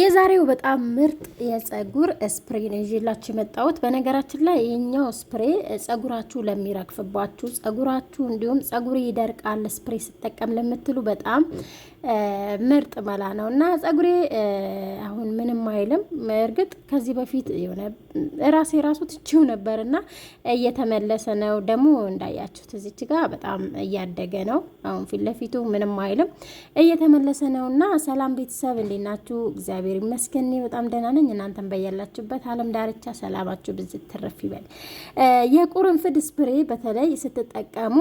የዛሬው በጣም ምርጥ የጸጉር ስፕሬ ነው ይዤላችሁ የመጣሁት። በነገራችን ላይ የኛው ስፕሬ ጸጉራችሁ ለሚረግፍባችሁ ጸጉራችሁ እንዲሁም ጸጉር ይደርቃል ስፕሬ ስጠቀም ለምትሉ በጣም ምርጥ መላ ነው እና ጸጉሬ አሁን ምንም አይልም። እርግጥ ከዚህ በፊት የሆነ ራሴ ራሱ ትችው ነበር እና እየተመለሰ ነው። ደግሞ እንዳያችሁት እዚች ጋ በጣም እያደገ ነው። አሁን ፊት ለፊቱ ምንም አይልም፣ እየተመለሰ ነው እና ሰላም ቤተሰብ እንዴት ናችሁ? እግዚአብሔር ይመስገን በጣም ደህና ነኝ። እናንተን በያላችሁበት አለም ዳርቻ ሰላማችሁ ብዝት ትረፍ ይበል። የቁርንፍድ ስፕሬ በተለይ ስትጠቀሙ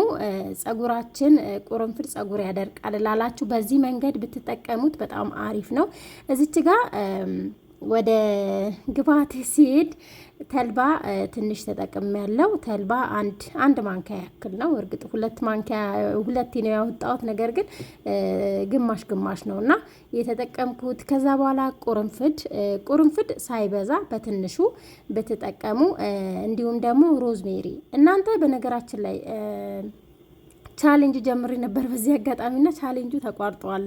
ጸጉራችን ቁርንፍድ ጸጉር ያደርቃል ላላችሁ በዚህ መ መንገድ ብትጠቀሙት በጣም አሪፍ ነው። እዚች ጋር ወደ ግብአት ሲሄድ ተልባ ትንሽ ተጠቅም ያለው ተልባ አንድ አንድ ማንኪያ ያክል ነው። እርግጥ ሁለት ማንኪያ ሁለት ነው ያወጣሁት፣ ነገር ግን ግማሽ ግማሽ ነው እና የተጠቀምኩት። ከዛ በኋላ ቁርንፍድ ቁርንፍድ ሳይበዛ በትንሹ ብትጠቀሙ፣ እንዲሁም ደግሞ ሮዝሜሪ እናንተ በነገራችን ላይ ቻሌንጅ ጀምሬ ነበር በዚህ አጋጣሚና ቻሌንጁ ተቋርጠዋል።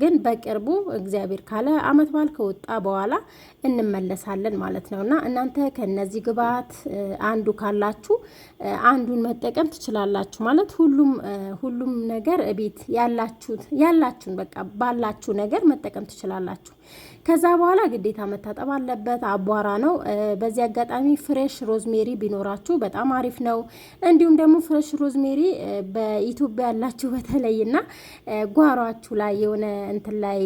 ግን በቅርቡ እግዚአብሔር ካለ አመት በዓል ከወጣ በኋላ እንመለሳለን ማለት ነው። እና እናንተ ከነዚህ ግብዓት አንዱ ካላችሁ አንዱን መጠቀም ትችላላችሁ ማለት ሁሉም ሁሉም ነገር ቤት ያላችሁት ያላችሁን በቃ ባላችሁ ነገር መጠቀም ትችላላችሁ። ከዛ በኋላ ግዴታ መታጠብ አለበት፣ አቧራ ነው። በዚህ አጋጣሚ ፍሬሽ ሮዝሜሪ ቢኖራችሁ በጣም አሪፍ ነው። እንዲሁም ደግሞ ፍሬሽ ሮዝሜሪ እንግዲህ በኢትዮጵያ ያላችሁ በተለይና ጓሯችሁ ላይ የሆነ እንትን ላይ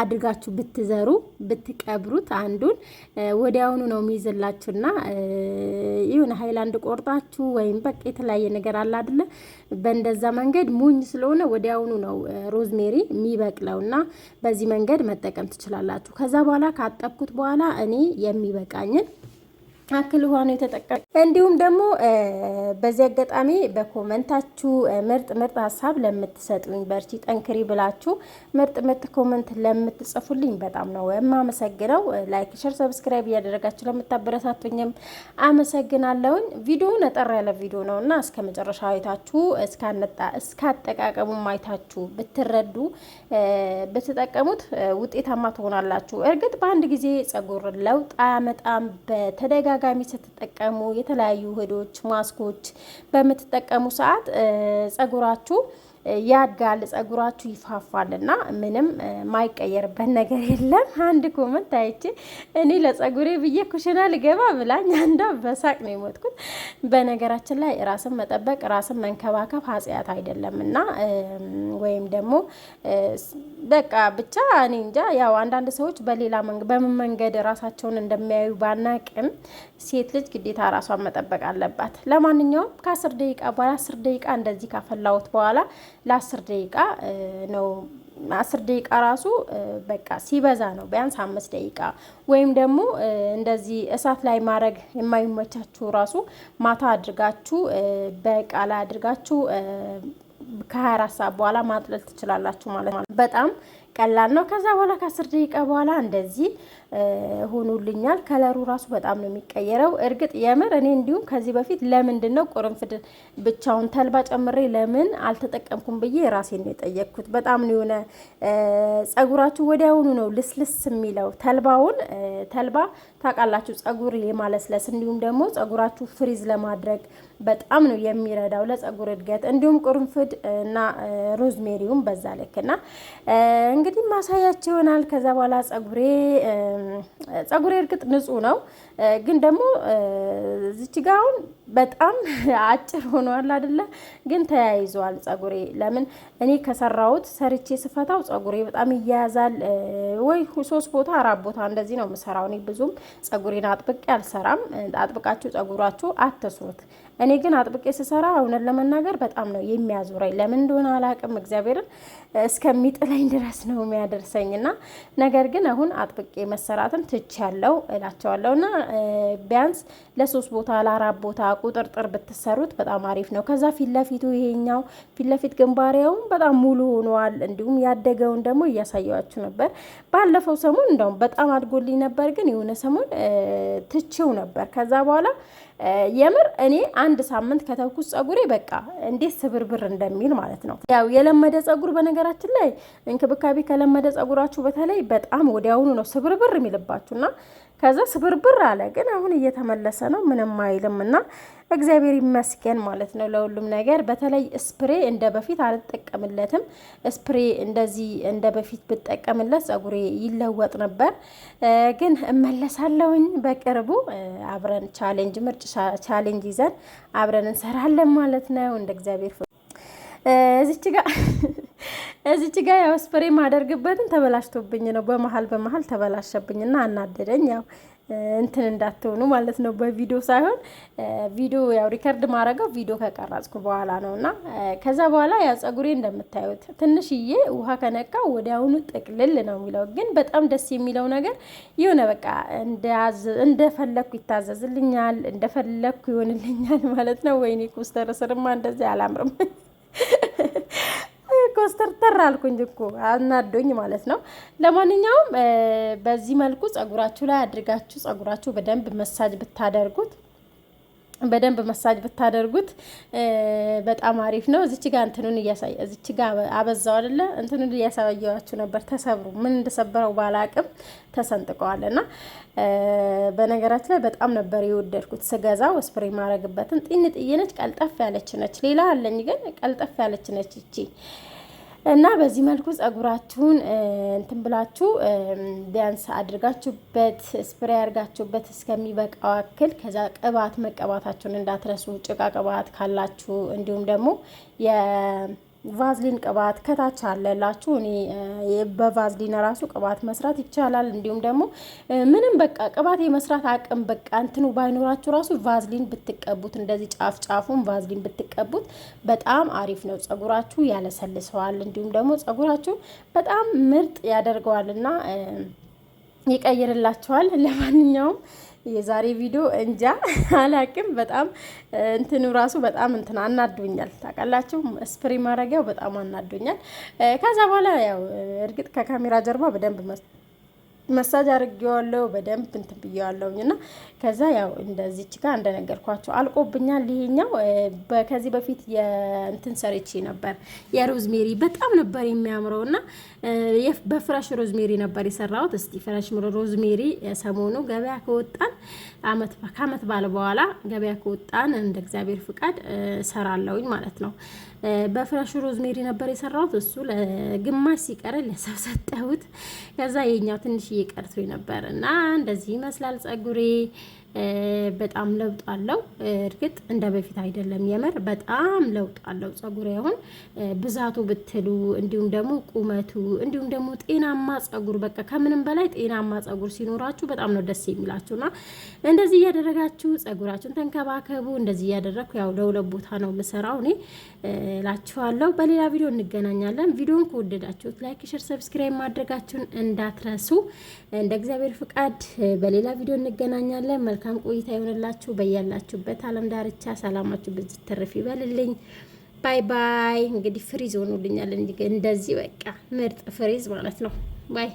አድርጋችሁ ብትዘሩ ብትቀብሩት አንዱን ወዲያውኑ ነው የሚይዝላችሁና የሆነ ሀይላንድ ቆርጣችሁ ወይም በቃ የተለያየ ነገር አለ አይደለ? በእንደዛ መንገድ ሙኝ ስለሆነ ወዲያውኑ ነው ሮዝሜሪ የሚበቅለው እና በዚህ መንገድ መጠቀም ትችላላችሁ። ከዛ በኋላ ካጠብኩት በኋላ እኔ የሚበቃኝን አክል ውሃ ነው እንዲሁም ደግሞ በዚህ አጋጣሚ በኮመንታችሁ ምርጥ ምርጥ ሀሳብ ለምትሰጡኝ በርቺ ጠንክሪ ብላችሁ ምርጥ ምርጥ ኮመንት ለምትጽፉልኝ በጣም ነው የማመሰግነው። ላይክ፣ ሸር፣ ሰብስክራይብ እያደረጋችሁ ለምታበረታቱኝም አመሰግናለሁኝ። ቪዲዮውን አጠር ያለ ቪዲዮ ነው እና እስከ መጨረሻ አይታችሁ እስከ አጠቃቀሙ አይታችሁ ብትረዱ ብትጠቀሙት ውጤታማ ትሆናላችሁ። እርግጥ በአንድ ጊዜ ጸጉር ለውጥ አያመጣም። በተደጋጋሚ ስትጠቀሙ የተለያዩ ውህዶች ማስኮች ምርቶች በምትጠቀሙ ሰዓት ጸጉራችሁ ያድጋል፣ ጸጉራችሁ ይፋፋል እና ምንም ማይቀየርበት ነገር የለም። አንድ ኮመንት አይቼ እኔ ለጸጉሬ ብዬ ኩሽና ልገባ ብላኝ አንዳ በሳቅ ነው የሞትኩት። በነገራችን ላይ ራስን መጠበቅ ራስን መንከባከብ ኃጢአት አይደለም እና ወይም ደግሞ በቃ ብቻ እኔ እንጃ ያው አንዳንድ ሰዎች በሌላ በምን መንገድ ራሳቸውን እንደሚያዩ ባናቅም ሴት ልጅ ግዴታ ራሷን መጠበቅ አለባት። ለማንኛውም ከአስር ደቂቃ በኋላ አስር ደቂቃ እንደዚህ ካፈላሁት በኋላ ለአስር ደቂቃ ነው። አስር ደቂቃ ራሱ በቃ ሲበዛ ነው። ቢያንስ አምስት ደቂቃ ወይም ደግሞ እንደዚህ እሳት ላይ ማድረግ የማይመቻችሁ ራሱ ማታ አድርጋችሁ በቃ ላይ አድርጋችሁ ከ24 ሰዓት በኋላ ማጥለል ትችላላችሁ ማለት ነው። በጣም ቀላል ነው። ከዛ በኋላ ከአስር ደቂቃ በኋላ እንደዚህ ሆኖልኛል። ከለሩ ራሱ በጣም ነው የሚቀየረው። እርግጥ የምር እኔ እንዲሁም ከዚህ በፊት ለምንድን ነው ቅርንፍድ ብቻውን ተልባ ጨምሬ ለምን አልተጠቀምኩም ብዬ ራሴን ነው የጠየቅኩት። በጣም ነው የሆነ ጸጉራችሁ ወዲያውኑ ነው ልስልስ የሚለው። ተልባውን ተልባ ታውቃላችሁ፣ ጸጉር የማለስለስ እንዲሁም ደግሞ ጸጉራችሁ ፍሪዝ ለማድረግ በጣም ነው የሚረዳው ለጸጉር እድገት። እንዲሁም ቁርንፍድ እና ሮዝሜሪውም በዛ ልክ እና እንግዲህ ማሳያቸው ይሆናል። ከዛ በኋላ ጸጉሬ ጸጉሬ እርግጥ ንጹህ ነው፣ ግን ደግሞ እዚች ጋ አሁን በጣም አጭር ሆኗል አይደለ? ግን ተያይዘዋል ጸጉሬ። ለምን እኔ ከሰራሁት ሰርቼ ስፈታው ጸጉሬ በጣም ይያያዛል። ወይ ሶስት ቦታ አራት ቦታ እንደዚህ ነው የምሰራው። እኔ ብዙም ጸጉሬን አጥብቄ አልሰራም። አጥብቃችሁ ጸጉራችሁ አትስሩት። እኔ ግን አጥብቄ ስሰራ እውነት ለመናገር በጣም ነው የሚያዙረኝ። ለምን እንደሆነ አላቅም። እግዚአብሔርን እስከሚጥለኝ ድረስ ነው የሚያደርሰኝ እና ነገር ግን አሁን አጥብቄ መሰራትን ትቻለው እላቸዋለሁ እና ቢያንስ ለሶስት ቦታ ለአራት ቦታ ቁጥርጥር ብትሰሩት በጣም አሪፍ ነው። ከዛ ፊት ለፊቱ ይሄኛው ፊት ለፊት ግንባሬውን በጣም ሙሉ ሆኗል። እንዲሁም ያደገውን ደግሞ እያሳያችሁ ነበር። ባለፈው ሰሞን እንደውም በጣም አድጎልኝ ነበር፣ ግን የሆነ ሰሞን ትቼው ነበር። ከዛ በኋላ የምር እኔ አንድ ሳምንት ከተኩስ ጸጉሬ በቃ እንዴት ስብርብር እንደሚል ማለት ነው። ያው የለመደ ጸጉር በነገራችን ላይ እንክብካቤ ከለመደ ጸጉራችሁ በተለይ በጣም ወዲያውኑ ነው ስብርብር የሚልባችሁና ከዛ ስብርብር አለ። ግን አሁን እየተመለሰ ነው፣ ምንም አይልም እና እግዚአብሔር ይመስገን ማለት ነው ለሁሉም ነገር። በተለይ ስፕሬ እንደ በፊት አልጠቀምለትም። ስፕሬ እንደዚህ እንደ በፊት ብጠቀምለት ጸጉሬ ይለወጥ ነበር። ግን እመለሳለሁኝ በቅርቡ አብረን ቻሌንጅ ምርጭ ቻሌንጅ ይዘን አብረን እንሰራለን ማለት ነው እንደ እግዚአብሔር እዚች ጋር እዚች ጋር ያው ስፕሬ ማደርግበትን ተበላሽቶብኝ ነው። በመሀል በመሀል ተበላሸብኝና አናደደኝ። ያው እንትን እንዳትሆኑ ማለት ነው። በቪዲዮ ሳይሆን ቪዲዮ ያው ሪከርድ ማድረገው ቪዲዮ ከቀረጽኩ በኋላ ነው እና ከዛ በኋላ ያው ፀጉሬ እንደምታዩት ትንሽዬ ውሃ ከነካ ወዲያውኑ ጥቅልል ነው የሚለው። ግን በጣም ደስ የሚለው ነገር የሆነ በቃ እንደፈለግኩ ይታዘዝልኛል፣ እንደፈለግኩ ይሆንልኛል ማለት ነው። ወይኔ ኮስተር ስርማ እንደዚህ አላምርም። እኮ ስተርተር አልኩኝ እኮ አናዶኝ ማለት ነው። ለማንኛውም በዚህ መልኩ ጸጉራችሁ ላይ አድርጋችሁ ጸጉራችሁ በደንብ መሳጅ ብታደርጉት በደንብ መሳጅ ብታደርጉት በጣም አሪፍ ነው። እዚች ጋር እንትኑን እያሳየ እዚች ጋር አበዛው አይደለ እንትኑን እያሳየዋችሁ ነበር። ተሰብሩ ምን እንደሰበረው ባላቅም ተሰንጥቀዋል። እና በነገራችን ላይ በጣም ነበር የወደድኩት ስገዛ ወስፕሬ ማድረግበትን ጢን ጥይነች ቀልጠፍ ያለች ነች። ሌላ አለኝ ግን ቀልጠፍ ያለች ነች ይቺ እና በዚህ መልኩ ጸጉራችሁን እንትን ብላችሁ ቢያንስ አድርጋችሁበት ስፕሬ አድርጋችሁበት እስከሚበቃው አክል ከዛ ቅባት መቀባታችሁን እንዳትረሱ። ጭቃ ቅባት ካላችሁ እንዲሁም ደግሞ ቫዝሊን ቅባት ከታች አለላችሁ። እኔ በቫዝሊን ራሱ ቅባት መስራት ይቻላል። እንዲሁም ደግሞ ምንም በቃ ቅባት የመስራት አቅም በቃ እንትኑ ባይኖራችሁ ራሱ ቫዝሊን ብትቀቡት እንደዚህ ጫፍ ጫፉን ቫዝሊን ብትቀቡት በጣም አሪፍ ነው። ጸጉራችሁ ያለሰልሰዋል። እንዲሁም ደግሞ ጸጉራችሁ በጣም ምርጥ ያደርገዋልና ይቀይርላችኋል። ለማንኛውም የዛሬ ቪዲዮ እንጃ አላቅም። በጣም እንትኑ ራሱ በጣም እንትን አናዶኛል። ታውቃላችሁ ስፕሪ ማድረጊያው በጣም አናዶኛል። ከዛ በኋላ ያው እርግጥ ከካሜራ ጀርባ በደንብ መሳጅ አድርጌዋለሁ በደንብ እንትን ብዬዋለሁኝ እና ከዛ ያው እንደዚች ጋር እንደነገርኳቸው አልቆብኛል። ይሄኛው ከዚህ በፊት የእንትን ሰርቼ ነበር የሮዝሜሪ በጣም ነበር የሚያምረው እና በፍረሽ ሮዝሜሪ ነበር የሰራሁት። እስቲ ፍረሽ ሮዝሜሪ ሰሞኑ ገበያ ከወጣን ከአመት ባለ በኋላ ገበያ ከወጣን እንደ እግዚአብሔር ፍቃድ ሰራለሁኝ ማለት ነው። በፍረሽ ሮዝሜሪ ነበር የሰራሁት። እሱ ለግማሽ ሲቀረ ለሰው ሰጠሁት። ከዛ የኛው ትንሽ እየቀርቶ ነበር እና እንደዚህ ይመስላል ጸጉሬ በጣም ለውጥ አለው። እርግጥ እንደ በፊት አይደለም፣ የምር በጣም ለውጥ አለው ጸጉሬ። አሁን ብዛቱ ብትሉ እንዲሁም ደግሞ ቁመቱ እንዲሁም ደግሞ ጤናማ ጸጉር፣ በቃ ከምንም በላይ ጤናማ ጸጉር ሲኖራችሁ በጣም ነው ደስ የሚላችሁና እንደዚህ እያደረጋችሁ ጸጉራችሁን ተንከባከቡ። እንደዚህ እያደረግኩ ያው ለሁለት ቦታ ነው የምሰራው እኔ እላችኋለሁ። በሌላ ቪዲዮ እንገናኛለን። ቪዲዮን ከወደዳችሁት ላይክ፣ ሸር፣ ሰብስክራይብ ማድረጋችሁን እንዳትረሱ። እንደ እግዚአብሔር ፍቃድ በሌላ ቪዲዮ እንገናኛለን። መልካም መልካም ቆይታ ይሆንላችሁ። በያላችሁበት አለም ዳርቻ ሰላማችሁ ብዙ ትርፍ ይበልልኝ። ባይ ባይ። እንግዲህ ፍሪዝ ሆኖልኛል እንደዚህ በቃ ምርጥ ፍሪዝ ማለት ነው። ባይ